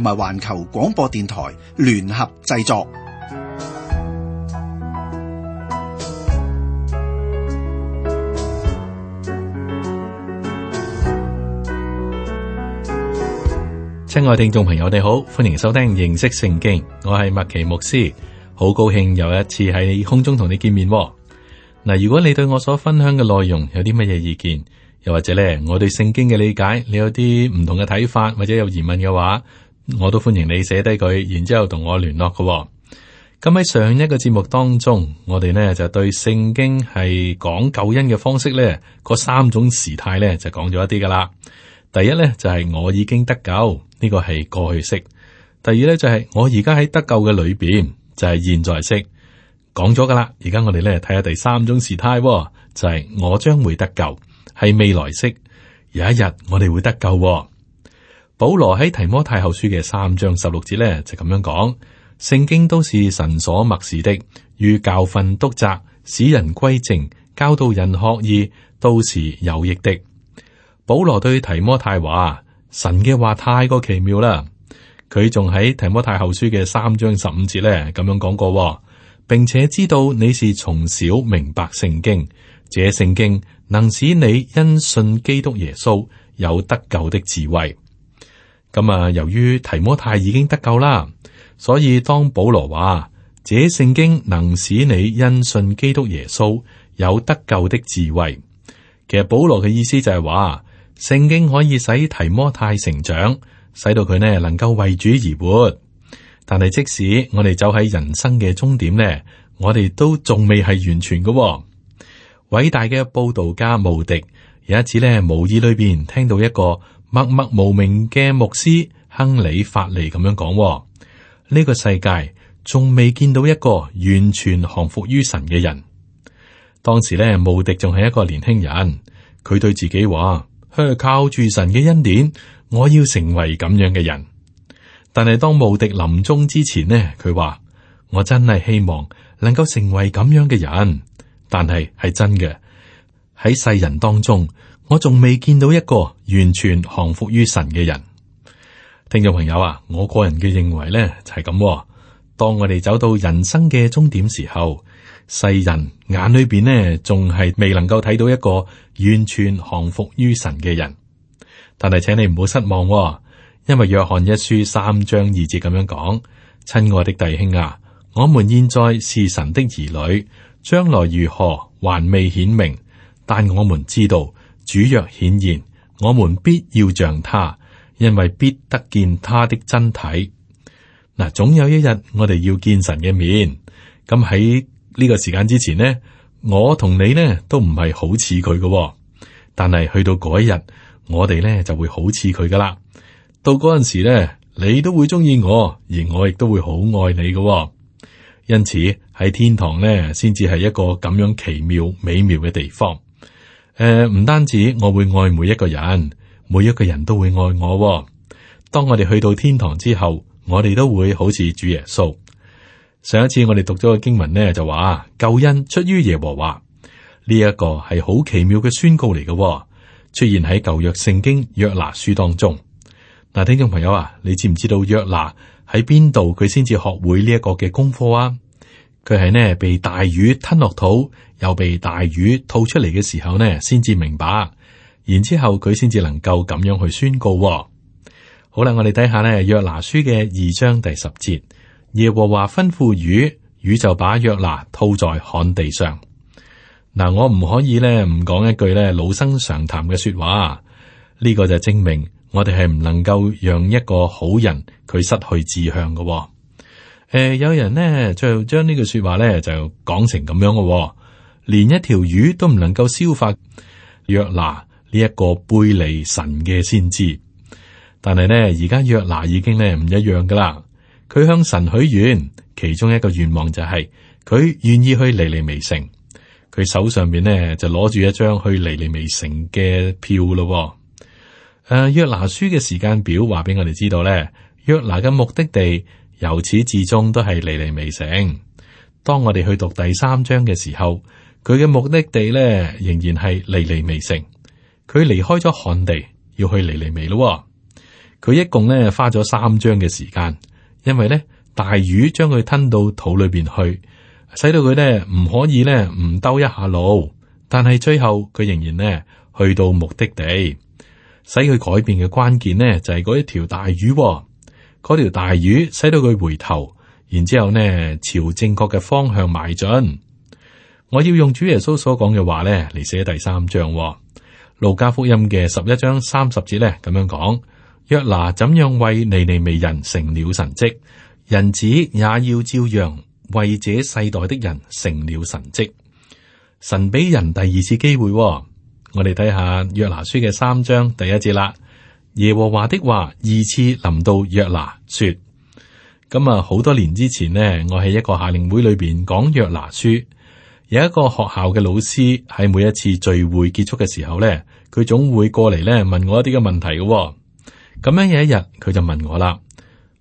同埋環球廣播電台聯合製作。親愛聽眾朋友，你好，歡迎收聽認識聖經。我係麥奇牧師，好高興又一次喺空中同你見面。嗱，如果你對我所分享嘅內容有啲乜嘢意見，又或者咧，我對聖經嘅理解你有啲唔同嘅睇法，或者有疑問嘅話。我都歡迎你寫低佢，然之後同我聯絡噶、哦。咁喺上一個節目當中，我哋呢就對聖經係講救恩嘅方式呢，嗰三種時態呢就講咗一啲噶啦。第一呢就係、是、我已經得救，呢、這個係過去式。第二呢就係、是、我而家喺得救嘅裏邊，就係、是、現在式，講咗噶啦。而家我哋呢睇下第三種時態、哦，就係、是、我將會得救，係未來式。有一日我哋會得救、哦。保羅喺提摩太後書嘅三章十六節呢，就咁樣講：聖經都是神所默示的，於教訓、督責、使人歸正、教導人學義，都是有益的。保羅對提摩太話：神嘅話太過奇妙啦。佢仲喺提摩太後書嘅三章十五節呢，咁樣講過，並且知道你是從小明白聖經，這聖經能使你因信基督耶穌有得救的智慧。咁啊，由於提摩太已經得救啦，所以當保羅話：這聖經能使你因信基督耶穌有得救的智慧。其實保羅嘅意思就係話，聖經可以使提摩太成長，使到佢呢能夠為主而活。但係即使我哋走喺人生嘅終點呢，我哋都仲未係完全㗎喎。偉大嘅佈道家慕迪，有一次呢，無意裏邊聽到一個。默默無名嘅牧師亨利法利咁樣講：呢、這個世界仲未見到一個完全降服於神嘅人。當時咧，慕迪仲係一個年輕人，佢對自己話：佢係靠住神嘅恩典，我要成為咁樣嘅人。但係當慕迪臨終之前呢，佢話：我真係希望能夠成為咁樣嘅人。但係係真嘅喺世人當中。我仲未見到一個完全降服於神嘅人。聽眾朋友啊，我個人嘅認為呢就係咁喎。當我哋走到人生嘅終點時候，世人眼裏邊呢仲係未能夠睇到一個完全降服於神嘅人。但係，請你唔好失望喎，因為約翰一書三章二節咁樣講：「親愛嘅弟兄啊，我們現在是神的兒女，將來如何還未顯明，但我們知道。主若顯現，我們必要像他，因為必得見他的真體。嗱，總有一日我哋要見神嘅面。咁喺呢個時間之前呢，我同你呢都唔係好似佢嘅，但係去到嗰一日，我哋呢就會好似佢噶啦。到嗰陣時呢，你都會中意我，而我亦都會好愛你嘅喎。因此喺天堂呢，先至係一個咁樣奇妙美妙嘅地方。誒，唔、呃、單止我會愛每一個人，每一個人都會愛我、哦。當我哋去到天堂之後，我哋都會好似主耶穌。上一次我哋讀咗個經文咧，就話救恩出於耶和華，呢、這、一個係好奇妙嘅宣告嚟嘅、哦，出現喺舊約聖經約拿書當中。嗱、啊，聽眾朋友啊，你知唔知道約拿喺邊度佢先至學會呢一個嘅功課啊？佢係呢被大魚吞落肚，又被大魚吐出嚟嘅時候呢，先至明白。然之後佢先至能夠咁樣去宣告、哦。好啦，我哋睇下呢約拿書嘅二章第十節，耶和華吩咐魚，魚就把約拿吐在旱地上。嗱，我唔可以呢唔講一句呢老生常談嘅說話。呢個就證明我哋係唔能夠讓一個好人佢失去志向嘅、哦。誒、呃，有人咧，就將句呢句說話咧，就講成咁樣嘅、哦，連一條魚都唔能夠消化約拿呢一個背離神嘅先知，但係呢，而家約拿已經咧唔一樣噶啦。佢向神許願，其中一個願望就係、是、佢願意去尼尼微城，佢手上面呢，就攞住一張去尼尼微城嘅票咯、哦。誒、呃，約拿書嘅時間表話俾我哋知道咧，約拿嘅目的地。由始至終都係尼尼微城。當我哋去讀第三章嘅時候，佢嘅目的地咧仍然係尼尼微城。佢離開咗旱地，要去尼尼微咯。佢一共咧花咗三章嘅時間，因為咧大魚將佢吞到肚裏邊去，使到佢咧唔可以咧唔兜一下路。但係最後佢仍然咧去到目的地，使佢改變嘅關鍵咧就係、是、嗰一條大魚、哦。嗰條大魚使到佢回頭，然之後呢，朝正確嘅方向邁進。我要用主耶穌所講嘅話呢嚟，寫第三章，哦，《路加福音》嘅十一章三十節呢，咁樣講：約拿怎樣為尼尼微人成了神蹟，人子也要照樣為這世代的人成了神蹟。神俾人第二次機會，哦，我哋睇下《約拿書》嘅三章第一節啦。耶和華的話二次臨到約拿，說：咁啊，好多年之前呢，我喺一個夏令會裏邊講約拿書，有一個學校嘅老師喺每一次聚會結束嘅時候呢，佢總會過嚟呢問我一啲嘅問題嘅、哦。咁樣有一日，佢就問我啦：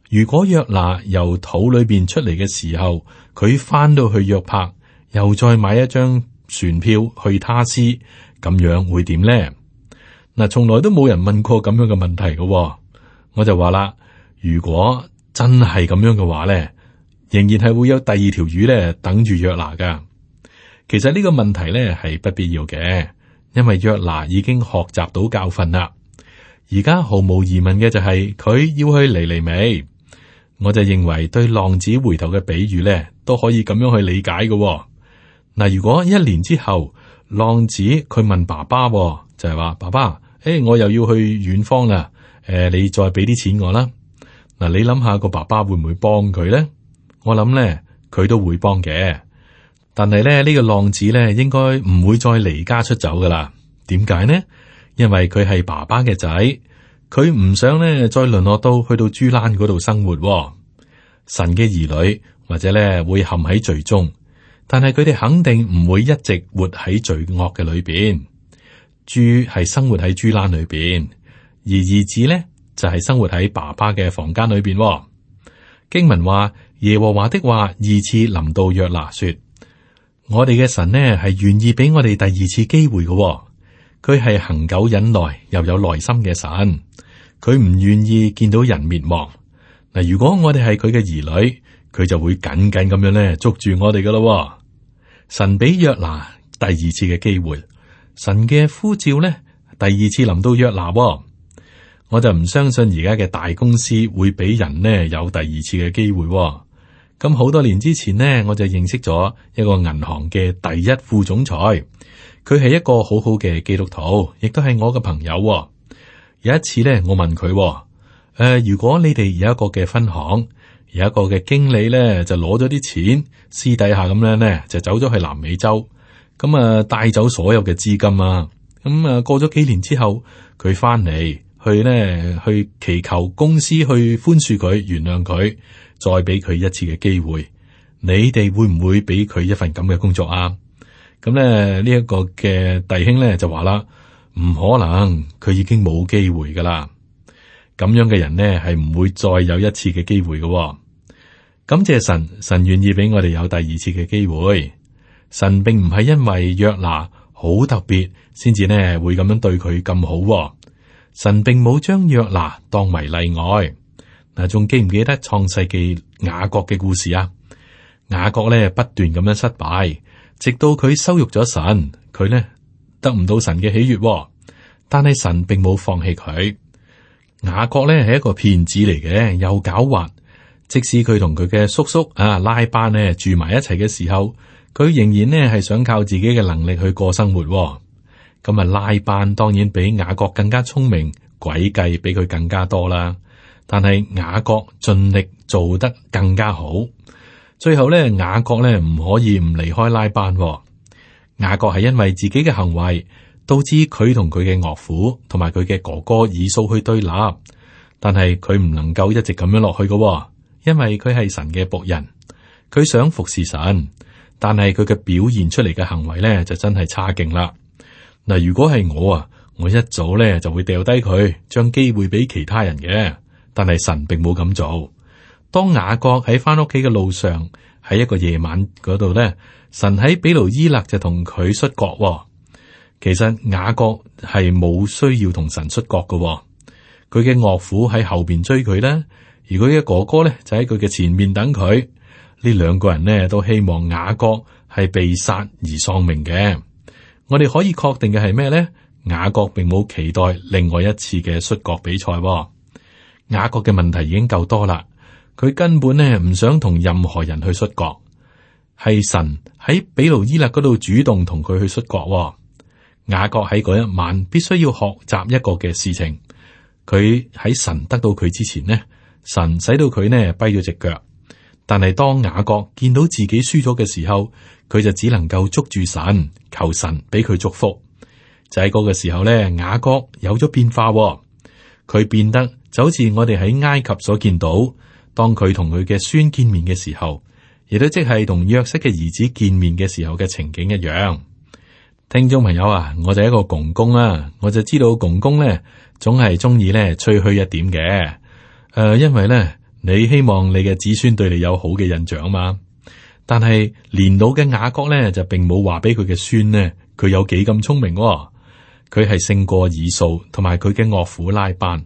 如果約拿由肚裏邊出嚟嘅時候，佢返到去約帕，又再買一張船票去他施，咁樣會點呢？」嗱，從來都冇人問過咁樣嘅問題嘅喎，我就話啦，如果真係咁樣嘅話咧，仍然係會有第二條魚咧等住約拿噶。其實呢個問題咧係不必要嘅，因為約拿已經學習到教訓啦。而家毫無疑問嘅就係佢要去尼尼微。我就認為對浪子回頭嘅比喻咧都可以咁樣去理解嘅。嗱，如果一年之後浪子佢問爸爸喎，就係話爸爸。誒、哎，我又要去遠方啦，誒、呃，你再俾啲錢我啦。嗱，你諗下個爸爸會唔會幫佢咧？我諗咧，佢都會幫嘅。但係咧呢、這個浪子咧，應該唔會再離家出走噶啦。點解呢？因為佢係爸爸嘅仔，佢唔想咧再淪落到去到豬欄嗰度生活，啊。神嘅兒女或者咧會陷喺罪中，但係佢哋肯定唔會一直活喺罪惡嘅裏邊。豬係生活喺豬欄裏邊，而兒子咧就係、是、生活喺爸爸嘅房間裏邊。經文話耶和華的話二次臨到約拿說：我哋嘅神呢係願意俾我哋第二次機會嘅、哦，佢係恒久忍耐又有耐心嘅神，佢唔願意見到人滅亡。嗱，如果我哋係佢嘅兒女，佢就會緊緊咁樣咧捉住我哋噶咯。神俾約拿第二次嘅機會。神嘅呼召咧，第二次臨到約拿、哦，我就唔相信而家嘅大公司會俾人呢有第二次嘅機會、哦。咁、嗯、好多年之前呢，我就認識咗一個銀行嘅第一副總裁，佢係一個好好嘅基督徒，亦都係我嘅朋友、哦。有一次呢，我問佢、哦：誒、呃，如果你哋有一個嘅分行，有一個嘅經理呢，就攞咗啲錢私底下咁樣，呢，就走咗去南美洲。咁啊，帶走所有嘅資金啊！咁啊，過咗幾年之後，佢翻嚟去咧，去祈求公司去寬恕佢、原諒佢，再俾佢一次嘅機會。你哋會唔會俾佢一份咁嘅工作啊？咁咧，呢一個嘅弟兄咧就話啦，唔可能，佢已經冇機會噶啦。咁樣嘅人咧係唔會再有一次嘅機會噶喎。感謝神，神願意俾我哋有第二次嘅機會。神並唔係因為約拿好特別，先至咧會咁樣對佢咁好。神並冇將約拿當為例外嗱。仲記唔記得創世紀雅各嘅故事啊？雅各咧不斷咁樣失敗，直到佢羞辱咗神，佢呢得唔到神嘅喜悅。但係神並冇放棄佢。雅各咧係一個騙子嚟嘅，又狡猾。即使佢同佢嘅叔叔啊拉班咧住埋一齊嘅時候。佢仍然咧係想靠自己嘅能力去過生活、哦，咁啊拉班當然比雅各更加聰明，詭計比佢更加多啦。但係雅各盡力做得更加好，最後咧雅各咧唔可以唔離開拉班、哦。雅各係因為自己嘅行為導致佢同佢嘅岳父同埋佢嘅哥哥以掃去對立，但係佢唔能夠一直咁樣落去㗎、哦，因為佢係神嘅僕人，佢想服侍神。但係佢嘅表現出嚟嘅行為咧，就真係差勁啦。嗱，如果係我啊，我一早咧就會掉低佢，將機會俾其他人嘅。但係神並冇咁做。當雅各喺翻屋企嘅路上，喺一個夜晚嗰度咧，神喺比努伊勒就同佢摔角，哦。其實雅各係冇需要同神摔角嘅，哦。佢嘅岳父喺後邊追佢咧，而佢嘅哥哥咧就喺佢嘅前面等佢。呢兩個人呢，都希望雅各係被殺而喪命嘅。我哋可以確定嘅係咩呢？雅各並冇期待另外一次嘅摔角比賽喎。雅各嘅問題已經夠多啦，佢根本呢唔想同任何人去摔角。係神喺比路伊勒嗰度主動同佢去摔角喎。雅各喺嗰一晚必須要學習一個嘅事情。佢喺神得到佢之前呢，神使到佢呢跛咗隻腳。但係當雅各見到自己輸咗嘅時候，佢就只能夠捉住神，求神俾佢祝福。就喺嗰個時候咧，雅各有咗變化、哦，佢變得就好似我哋喺埃及所見到，當佢同佢嘅孫見面嘅時候，亦都即係同約瑟嘅兒子見面嘅時候嘅情景一樣。聽眾朋友啊，我就一個公公啊，我就知道公公咧，總係中意咧吹噓一點嘅，誒、呃，因為咧。你希望你嘅子孫對你有好嘅印象嘛？但係年老嘅雅各咧，就並冇話俾佢嘅孫呢，佢有幾咁聰明、哦？佢係勝過以掃，同埋佢嘅岳父拉班。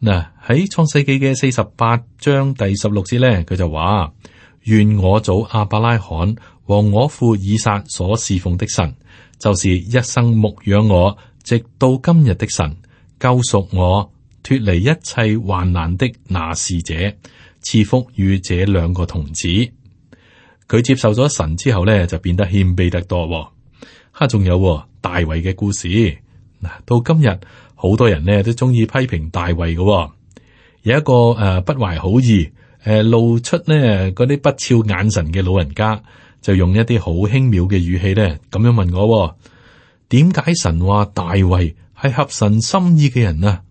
嗱、啊，喺創世紀嘅四十八章第十六節咧，佢就話：願我祖亞伯拉罕和我父以撒所侍奉的神，就是一生牧養我直到今日的神，救贖我，脫離一切患難的那使者賜福與這兩個童子。佢接受咗神之後咧，就變得謙卑得多。吓、啊，仲有大衛嘅故事嗱。到今日，好多人咧都中意批評大衛嘅有一個誒、呃，不懷好意誒，露出呢嗰啲不屑眼神嘅老人家，就用一啲好輕蔑嘅語氣咧，咁樣問我點解神話大衛係合神心意嘅人啊？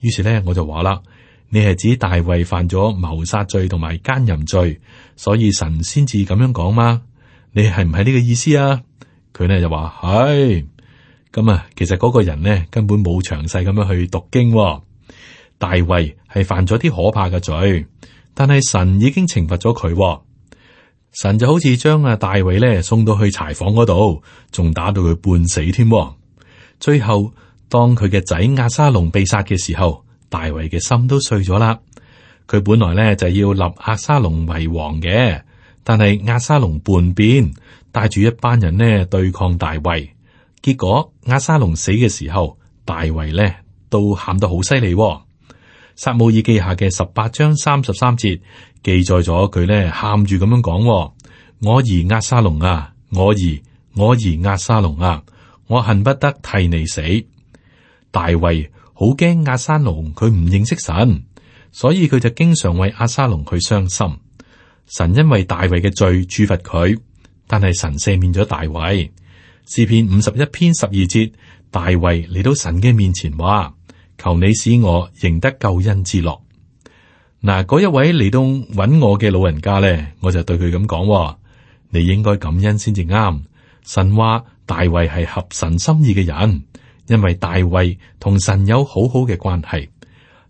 於是咧，我就話啦：，你係指大衛犯咗謀殺罪同埋奸淫罪，所以神先至咁樣講嘛？你係唔係呢個意思啊？佢咧就話：，係咁啊，其實嗰個人咧根本冇詳細咁樣去讀經。大衛係犯咗啲可怕嘅罪，但係神已經懲罰咗佢。神就好似將啊大衛咧送到去柴房嗰度，仲打到佢半死添。最後。當佢嘅仔亞沙龍被殺嘅時候，大衛嘅心都碎咗啦。佢本來咧就是，要立亞沙龍為王嘅，但係亞沙龍叛變，帶住一班人呢對抗大衛。結果亞沙龍死嘅時候，大衛咧都喊得好犀利。撒母耳記下嘅十八章三十三節記載咗佢咧喊住咁樣講，哦：，我兒亞沙龍啊，我兒，我兒亞沙龍啊，我恨不得替你死。大衛好驚押沙龍，佢唔認識神，所以佢就經常為押沙龍去傷心。神因為大衛嘅罪處罰佢，但係神赦免咗大衛。詩篇五十一篇十二節，大衛嚟到神嘅面前話：求你使我仍得救恩之樂。嗱，嗰一位嚟到揾我嘅老人家咧，我就對佢咁講：你應該感恩先至啱。神話大衛係合神心意嘅人。因為大衛同神有好好嘅關係，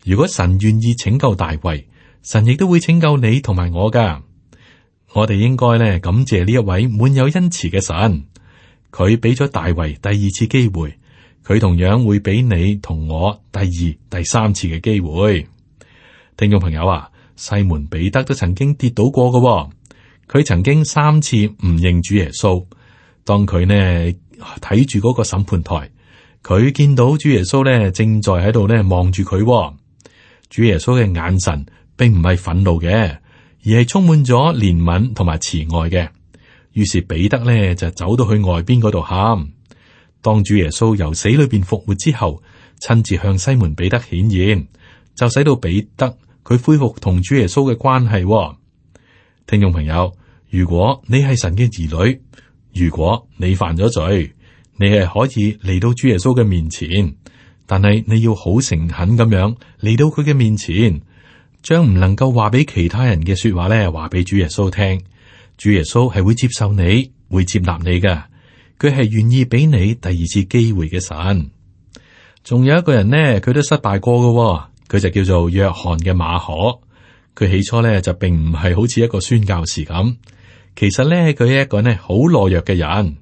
如果神願意拯救大衛，神亦都會拯救你同埋我噶。我哋應該咧感謝呢一位滿有恩慈嘅神，佢俾咗大衛第二次機會，佢同樣會俾你同我第二、第三次嘅機會。聽眾朋友啊，西門彼得都曾經跌倒過噶喎，佢曾經三次唔認主耶穌。當佢呢睇住嗰個審判台，佢見到主耶穌咧，正在喺度咧望住佢。主耶穌嘅眼神並唔係憤怒嘅，而係充滿咗憐憫同埋慈愛嘅。於是彼得咧就走到去外邊嗰度喊。當主耶穌由死裏邊復活之後，親自向西門彼得顯現，就使到彼得佢恢復同主耶穌嘅關係，哦。聽眾朋友，如果你係神嘅兒女，如果你犯咗罪。你係可以嚟到主耶穌嘅面前，但係你要好誠懇咁樣嚟到佢嘅面前，將唔能夠話俾其他人嘅說話咧，話俾主耶穌聽。主耶穌係會接受你，會接納你嘅，佢係願意俾你第二次機會嘅神。仲有一個人咧，佢都失敗過嘅、哦，佢就叫做約翰嘅馬可。佢起初咧就並唔係好似一個宣教士咁，其實咧佢係一個咧好懦弱嘅人。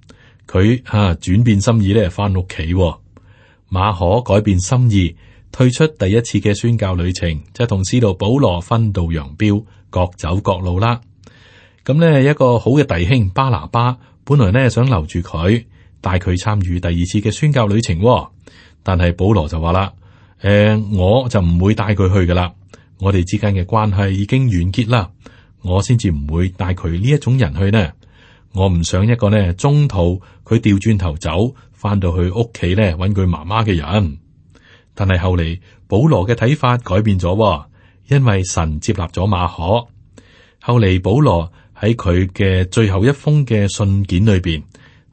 佢啊轉變心意咧，返屋企。馬可改變心意，退出第一次嘅宣教旅程，就同使徒保羅分道揚鑣，各走各路啦。咁呢一個好嘅弟兄巴拿巴，本來呢想留住佢，帶佢參與第二次嘅宣教旅程，哦，但係保羅就話啦：誒、呃，我就唔會帶佢去噶啦。我哋之間嘅關係已經完結啦，我先至唔會帶佢呢一種人去呢。」我唔想一個呢中途佢調轉頭走，翻到去屋企呢揾佢媽媽嘅人。但係後嚟保羅嘅睇法改變咗，哦，因為神接納咗馬可。後嚟保羅喺佢嘅最後一封嘅信件裏邊，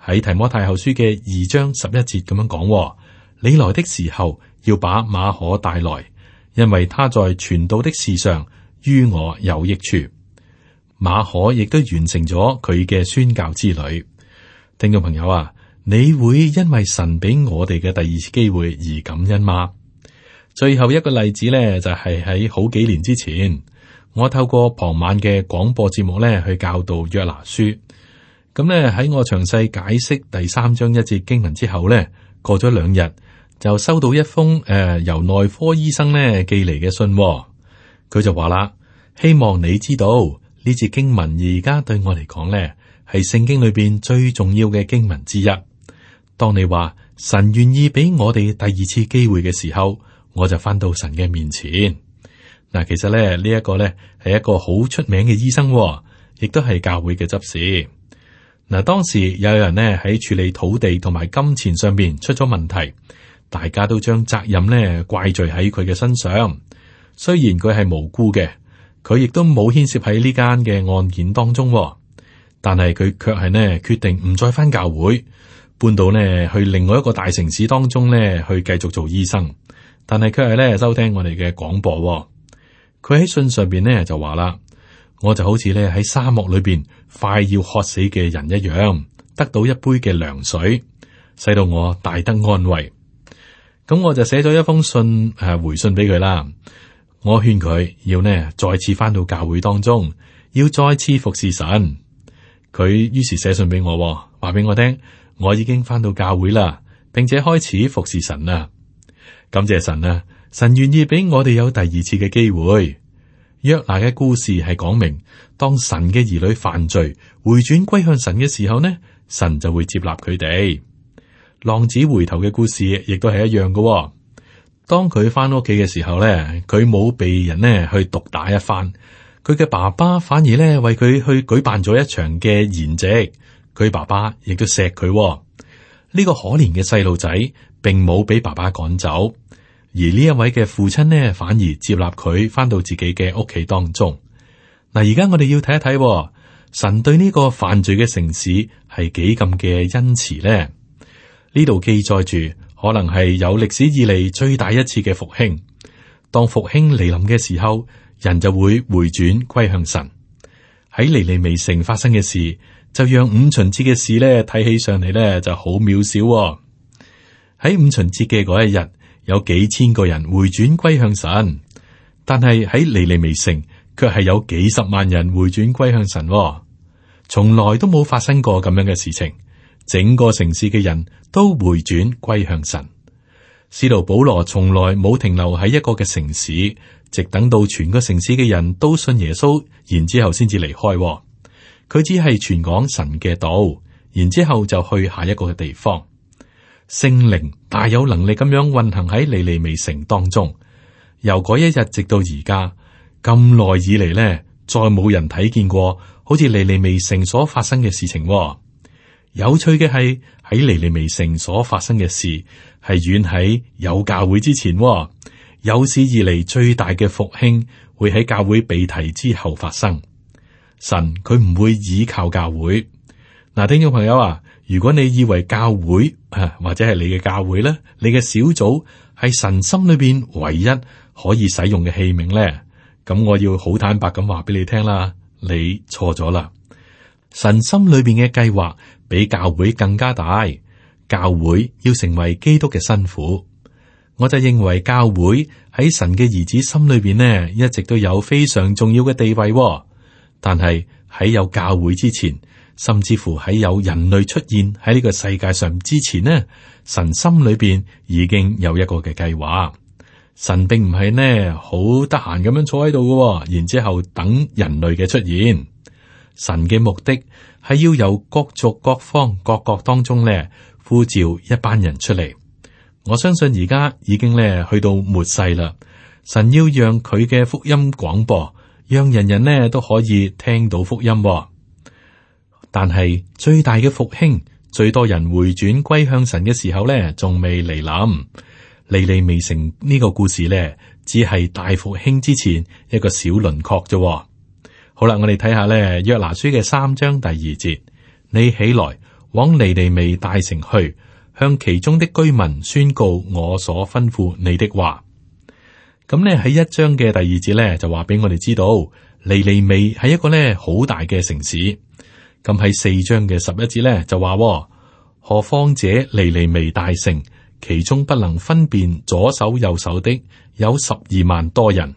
喺提摩太後書嘅二章十一節咁樣講，哦：你來的時候要把馬可帶來，因為他在傳道的事上於我有益處。馬可亦都完成咗佢嘅宣教之旅。聽眾朋友啊，你會因為神俾我哋嘅第二次機會而感恩嗎？最後一個例子咧，就係、是、喺好幾年之前，我透過傍晚嘅廣播節目咧去教導約拿書。咁咧喺我詳細解釋第三章一節經文之後咧，過咗兩日就收到一封誒、呃、由內科醫生咧寄嚟嘅信、哦。佢就話啦，希望你知道。呢節經文而家對我嚟講咧，係聖經裏邊最重要嘅經文之一。當你話神願意俾我哋第二次機會嘅時候，我就返到神嘅面前。嗱，其實咧，呢一個咧係一個好出名嘅醫生哦，亦都係教會嘅執事。嗱，當時有人呢，喺處理土地同埋金錢上邊出咗問題，大家都將責任咧怪罪喺佢嘅身上，雖然佢係無辜嘅。佢亦都冇牽涉喺呢間嘅案件當中、哦，但係佢卻係呢決定唔再返教會，搬到呢去另外一個大城市當中呢去繼續做醫生。但係佢係呢收聽我哋嘅廣播、哦。佢喺信上邊呢就話啦，我就好似呢喺沙漠裏邊快要渴死嘅人一樣，得到一杯嘅涼水，使到我大得安慰。咁我就寫咗一封信誒、啊、回信俾佢啦。我勸佢要呢，再次翻到教會當中，要再次服侍神。佢於是寫信俾我，話俾我聽，我已經翻到教會啦，並且開始服侍神啦。感謝神啊，神願意俾我哋有第二次嘅機會。約拿嘅故事係講明，當神嘅兒女犯罪，回轉歸向神嘅時候呢，神就會接納佢哋。浪子回頭嘅故事亦都係一樣嘅、哦。.當佢翻屋企嘅時候咧，佢冇被人呢，去毒打一番，佢嘅爸爸反而咧，為佢去舉辦咗一場嘅筵席，佢爸爸亦都錫佢。呢、這個可憐嘅細路仔並冇俾爸爸趕走，而呢一位嘅父親呢，反而接納佢翻到自己嘅屋企當中。嗱，而家我哋要睇一睇神對呢個犯罪嘅城市係幾咁嘅恩慈咧。呢度記載住。可能係有歷史以嚟最大一次嘅復興。當復興嚟臨嘅時候，人就會回轉歸向神。喺尼尼微城發生嘅事，就讓五旬節嘅事呢睇起上嚟呢就好渺小，哦。喺五旬節嘅嗰一日，有幾千個人回轉歸向神，但係喺尼尼微城，卻係有幾十萬人回轉歸向神，哦。從來都冇發生過咁樣嘅事情。整個城市嘅人都回轉歸向神。使徒保羅從來冇停留喺一個嘅城市，直等到全個城市嘅人都信耶穌，然之後先至離開。佢只係傳講神嘅道，然之後就去下一個嘅地方。聖靈大有能力咁樣運行喺尼尼微城當中，由嗰一日直到而家咁耐以嚟呢，再冇人睇見過好似尼尼微城所發生嘅事情。有趣嘅係喺尼尼微城所發生嘅事係遠喺有教會之前，哦，有史以嚟最大嘅復興會喺教會被提之後發生。神佢唔會倚靠教會。嗱、啊，聽眾朋友啊，如果你以為教會、啊、或者係你嘅教會咧，你嘅小組係神心裏邊唯一可以使用嘅器皿咧，咁我要好坦白咁話俾你聽啦，你錯咗啦。神心裏邊嘅計劃。比教會更加大，教會要成為基督嘅辛苦，我就認為教會喺神嘅兒子心裏邊呢，一直都有非常重要嘅地位，哦。但係喺有教會之前，甚至乎喺有人類出現喺呢個世界上之前呢，神心裏邊已經有一個嘅計劃。神並唔係呢好得閒咁樣坐喺度嘅，然之後等人類嘅出現。神嘅目的。係要由各族各方各國當中咧，呼召一班人出嚟，我相信而家已經咧去到末世啦。神要讓佢嘅福音廣播，讓人人咧都可以聽到福音，哦。但係最大嘅復興，最多人回轉歸向神嘅時候咧，仲未嚟臨，尼尼微城呢個故事咧，只係大復興之前一個小輪廓啫，哦。好啦，我哋睇下咧，約拿書嘅三章第二節，你起來往尼尼微大城去，向其中的居民宣告我所吩咐你的話。咁呢，喺一章嘅第二節咧就話俾我哋知道，尼尼微係一個呢好大嘅城市。咁喺四章嘅十一節咧就話，何況者尼尼微大城其中不能分辨左手右手的有十二萬多人，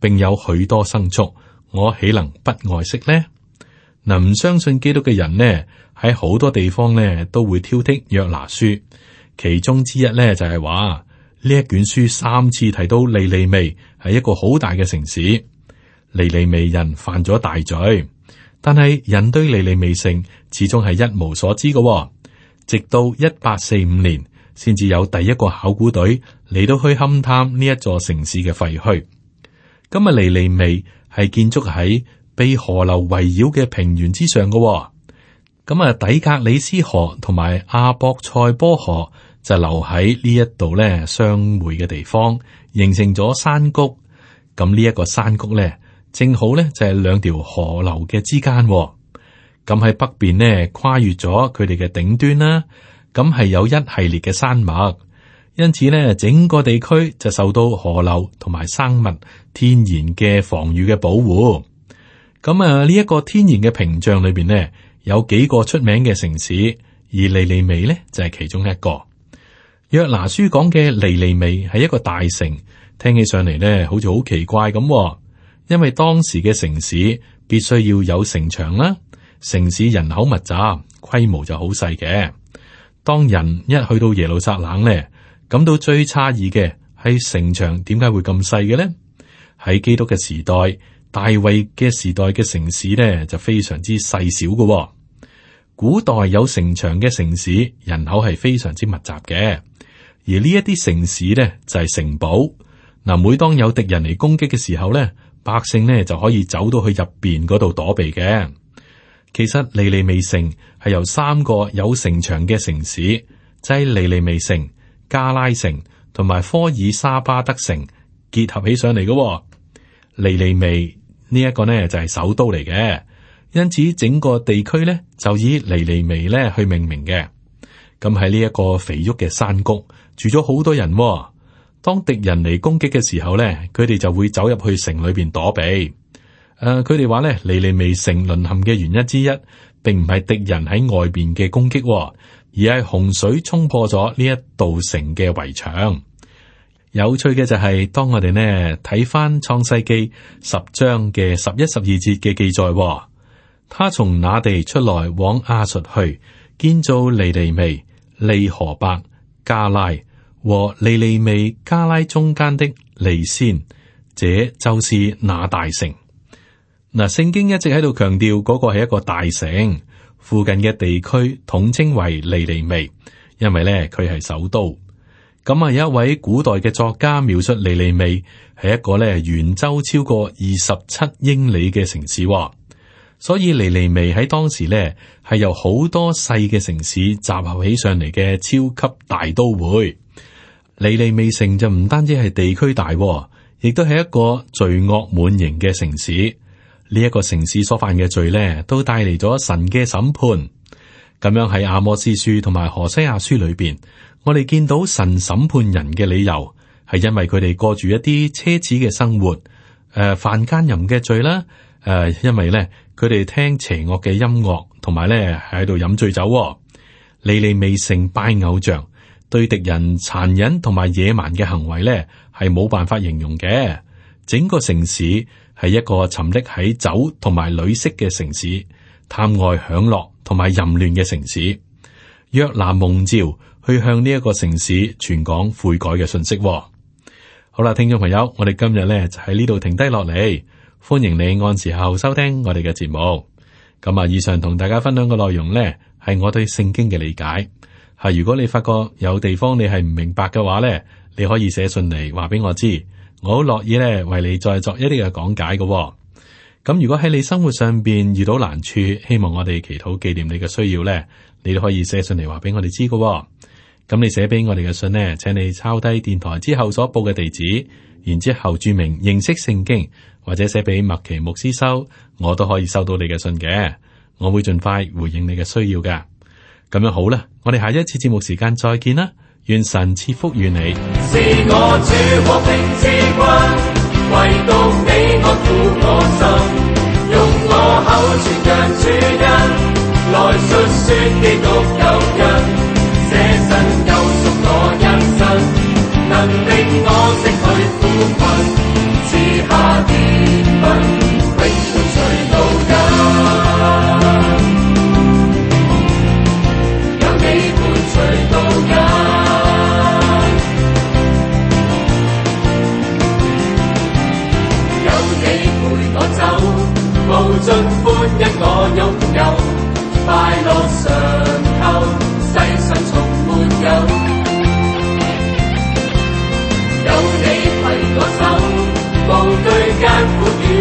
並有許多牲畜。我豈能不愛惜呢？能唔相信基督嘅人呢？喺好多地方呢，都會挑剔約拿書，其中之一呢，就係話呢一卷書三次提到尼尼微係一個好大嘅城市。尼尼微人犯咗大罪，但係人對尼尼微城始終係一無所知嘅、哦。直到一八四五年，先至有第一個考古隊嚟到去勘探呢一座城市嘅廢墟。今日尼尼微係建築喺被河流圍繞嘅平原之上嘅、哦，咁、嗯、啊底格里斯河同埋阿博塞波河就留喺呢一度咧相會嘅地方，形成咗山谷。咁呢一個山谷咧，正好咧就係、是、兩條河流嘅之間、哦。咁、嗯、喺北邊咧跨越咗佢哋嘅頂端啦。咁、嗯、係有一系列嘅山脈。因此呢，整個地區就受到河流同埋生物天然嘅防禦嘅保護。咁啊，呢、這、一個天然嘅屏障裏邊呢，有幾個出名嘅城市，而尼尼微呢，就係、是、其中一個。約拿書講嘅尼尼微係一個大城，聽起上嚟呢，好似好奇怪咁、哦。因為當時嘅城市必須要有城牆啦，城市人口密集，規模就好細嘅。當人一去到耶路撒冷呢，感到最詫異嘅係城牆點解會咁細嘅呢？喺基督嘅時代，大衛嘅時代嘅城市呢，就非常之細小嘅喎。古代有城牆嘅城市人口係非常之密集嘅。而呢一啲城市呢，就係城堡嗱，每當有敵人嚟攻擊嘅時候呢，百姓呢就可以走到去入邊嗰度躲避嘅。其實尼尼微城係由三個有城牆嘅城市，即係尼尼微城、加拉城同埋科爾沙巴德城結合起上嚟嘅，尼尼微呢一個呢就係首都嚟嘅，因此整個地區呢就以尼尼微呢去命名嘅。咁喺呢一個肥沃嘅山谷住咗好多人，當敵人嚟攻擊嘅時候呢，佢哋就會走入去城裏邊躲避。誒、呃，佢哋話呢，尼尼微城淪陷嘅原因之一，並唔係敵人喺外邊嘅攻擊。而係洪水衝破咗呢一道城嘅圍牆。有趣嘅就係、是、當我哋呢睇返創世記十章嘅十一十二節嘅記載，他從那地出來往亞述去，建造尼尼微利河伯，迦拉和尼尼微迦拉中間的利鮮，這就是那大城。嗱，聖經一直喺度強調嗰，那個係一個大城。附近嘅地區統稱為尼尼微，因為呢，佢係首都。咁啊，有一位古代嘅作家描述尼尼微係一個呢圓周超過二十七英里嘅城市，所以尼尼微喺當時呢，係由好多細嘅城市集合起上嚟嘅超級大都會。尼尼微城就唔單止係地區大，亦都係一個罪惡滿盈嘅城市。呢一個城市所犯嘅罪咧，都帶嚟咗神嘅審判。咁樣喺阿摩司書同埋何西阿書裏邊，我哋見到神審判人嘅理由，係因為佢哋過住一啲奢侈嘅生活，誒、呃，犯奸淫嘅罪啦，誒、呃，因為咧佢哋聽邪惡嘅音樂，同埋咧喺度飲醉酒，離離未誠拜偶像，對敵人殘忍同埋野蠻嘅行為咧，係冇辦法形容嘅。整個城市係一個沉溺喺酒同埋女色嘅城市，貪愛享樂同埋淫亂嘅城市。約拿蒙召去向呢一個城市傳講悔改嘅信息、哦。好啦，聽眾朋友，我哋今日咧就喺呢度停低落嚟。歡迎你按時候收聽我哋嘅節目。咁啊，以上同大家分享嘅內容呢係我對聖經嘅理解。係如果你發覺有地方你係唔明白嘅話呢，你可以寫信嚟話俾我知。我好樂意咧，為你再作一啲嘅講解嘅哦。咁如果喺你生活上邊遇到難處，希望我哋祈禱紀念你嘅需要咧，你都可以寫信嚟話俾我哋知嘅。咁你寫俾我哋嘅信呢，請你抄低電台之後所報嘅地址，然之後注明認識聖經，或者寫俾麥奇牧師收，我都可以收到你嘅信嘅。我會盡快回應你嘅需要嘅。咁樣好啦，我哋下一次節目時間再見啦。願神賜福於你。是我主和平之